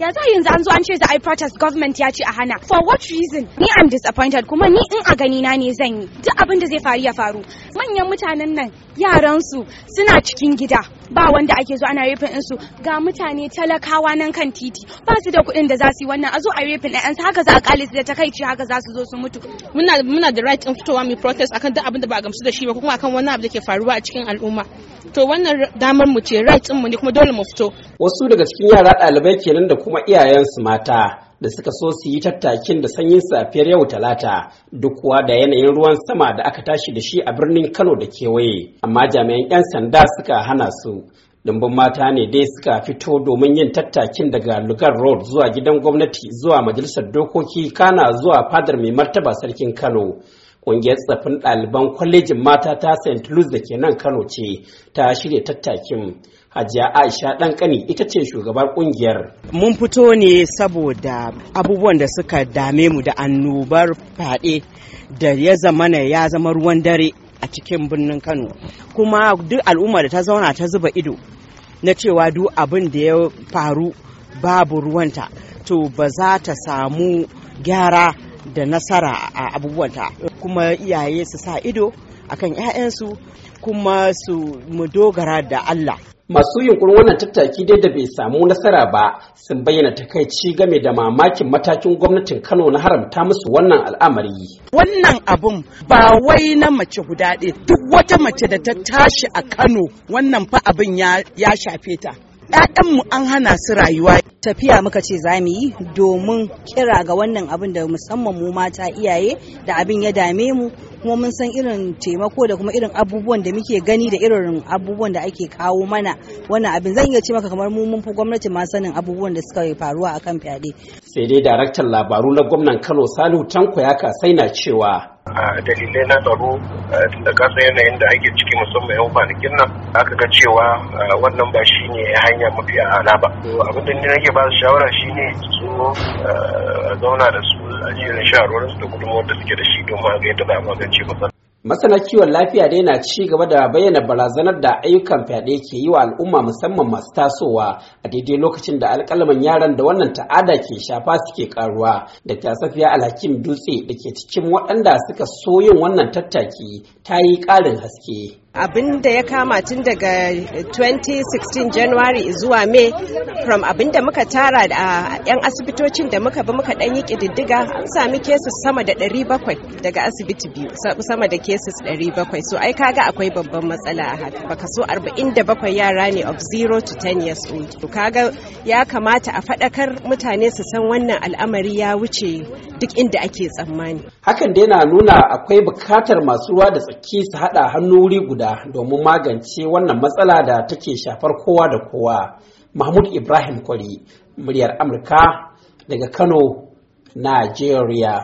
ya za yanzu an zo an ce za a yi protest government ya ce a hana for what reason ni am disappointed kuma ni in a gani na ne zan yi duk abin da zai faru ya faru manyan mutanen nan yaransu suna cikin gida ba wanda ake zo ana rufin insu ga mutane talakawa nan kan titi ba su da kuɗin da za su yi wannan a zo a rufin ɗayansu haka za a kale su da takaici haka za su zo su mutu muna muna da right in fitowa mu protest akan duk abin da ba a gamsu da shi ba kuma akan wani abu da ke faruwa a cikin al'umma to wannan damar mu ce right mu ne kuma dole mu fito wasu daga cikin yara ɗalibai kenan da kuma iyayensu mata da suka so su yi tattakin da sanyin safiyar yau talata duk kuwa da yanayin ruwan sama da aka tashi da shi a birnin kano da kewaye amma jami'an 'yan sanda suka hana su Dumbin mata ne dai suka fito domin yin tattakin daga Lugar Road zuwa gidan gwamnati zuwa majalisar dokoki kana zuwa fadar mai martaba sarkin Kano. Ƙungiyar tsafin ɗaliban kwalejin mata ta St. Louis da ke nan Kano ce ta shirya tattakin. Hajiya Aisha ɗan ƙani ita ce shugabar ƙungiyar. Mun fito ne saboda abubuwan da suka dame mu da annobar fyaɗe da ya zamana ya zama ruwan dare a cikin birnin Kano. Kuma duk al'umma da ta zauna ta zuba ido na cewa duk abin da ya faru babu ruwanta to ba za ta samu gyara da nasara a abubuwanta. kuma iyaye su sa ido akan 'ya'yansu kuma su mu dogara da Allah. Masu yunkurin wannan tattaki dai da bai samu nasara ba sun bayyana takaici game da mamakin matakin gwamnatin Kano na haramta musu wannan al'amari. Wannan abun ba wai na mace guda ɗaya duk wata mace da ta tashi a Kano wannan fa abin ya shafe ta. mu an hana su rayuwa tafiya muka ce za mu yi domin kira ga wannan abin da musamman mu mata iyaye da abin ya dame mu kuma mun san irin taimako da kuma irin abubuwan da muke gani da irin abubuwan da ake kawo mana wannan abin zan iya ce maka kamar mu mun fi gwamnati ma sanin abubuwan da suka faruwa a kan fyaɗe. sai dai daraktan labaru na gwamnan kano salihu tanko ya kasai na cewa A dalilai na tsaro tun da kasa yanayin da ake ciki musamman yan kwanakin nan aka ga cewa wannan ba shi ne ya hanya mafi ala ba abin da ni nake ba su shawara ne su zauna da su a jirin shawarwarinsu da gudunmawar da suke da shi don magance ba magance ba Masana kiwon lafiya dai na ci gaba da bayyana barazanar da ayyukan fyaɗe ke yi wa al'umma musamman masu tasowa a daidai lokacin da alƙalamin yaran da wannan ta'ada ke shafa suke karuwa da ta safiya alhakim dutse da ke cikin waɗanda suka so yin wannan tattaki ta yi ƙarin haske. abin da ya kama tun daga 2016 january zuwa may from abin da muka tara a 'yan asibitocin da muka bi muka ɗan yi kididdiga an sami cases sama da 700 daga asibiti biyu sama da cases 700 so ai kaga akwai babban matsala a haka baka so 47 yara ne of 0 to 10 years old kaga ya kamata a faɗakar mutane su san wannan al'amari ya wuce duk inda ake tsammani hakan dai na nuna akwai bukatar masu ruwa da tsaki su haɗa hannu wuri guda guda domin magance wannan matsala da take shafar kowa da kowa mahmud ibrahim kwari muryar amurka daga kano nigeria